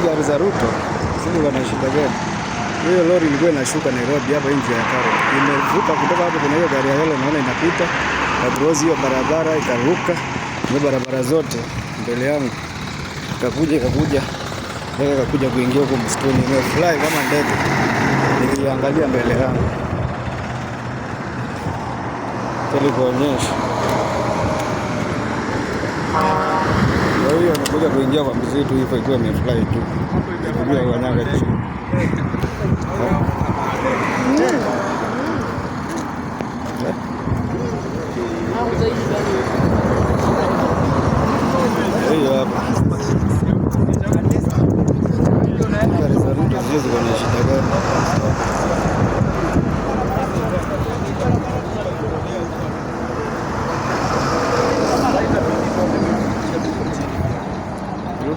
hizi gari za Ruto zilikuwa na gani? Hiyo lori ilikuwa inashuka Nairobi hapa nje ya Karo. Imevuka kutoka hapo, kuna hiyo gari ya yellow naona inapita. Ikakrosi hiyo barabara ikaruka na barabara zote mbele yangu. Ikakuja ikakuja ndege ikakuja kuingia huko msituni. fly kama ndege. Niliangalia mbele yangu. Nilikuonyesha kuja kuingia kwa msitu hivyo ikiwa imefurahi tu kujua wanyanga juu hiyo hapa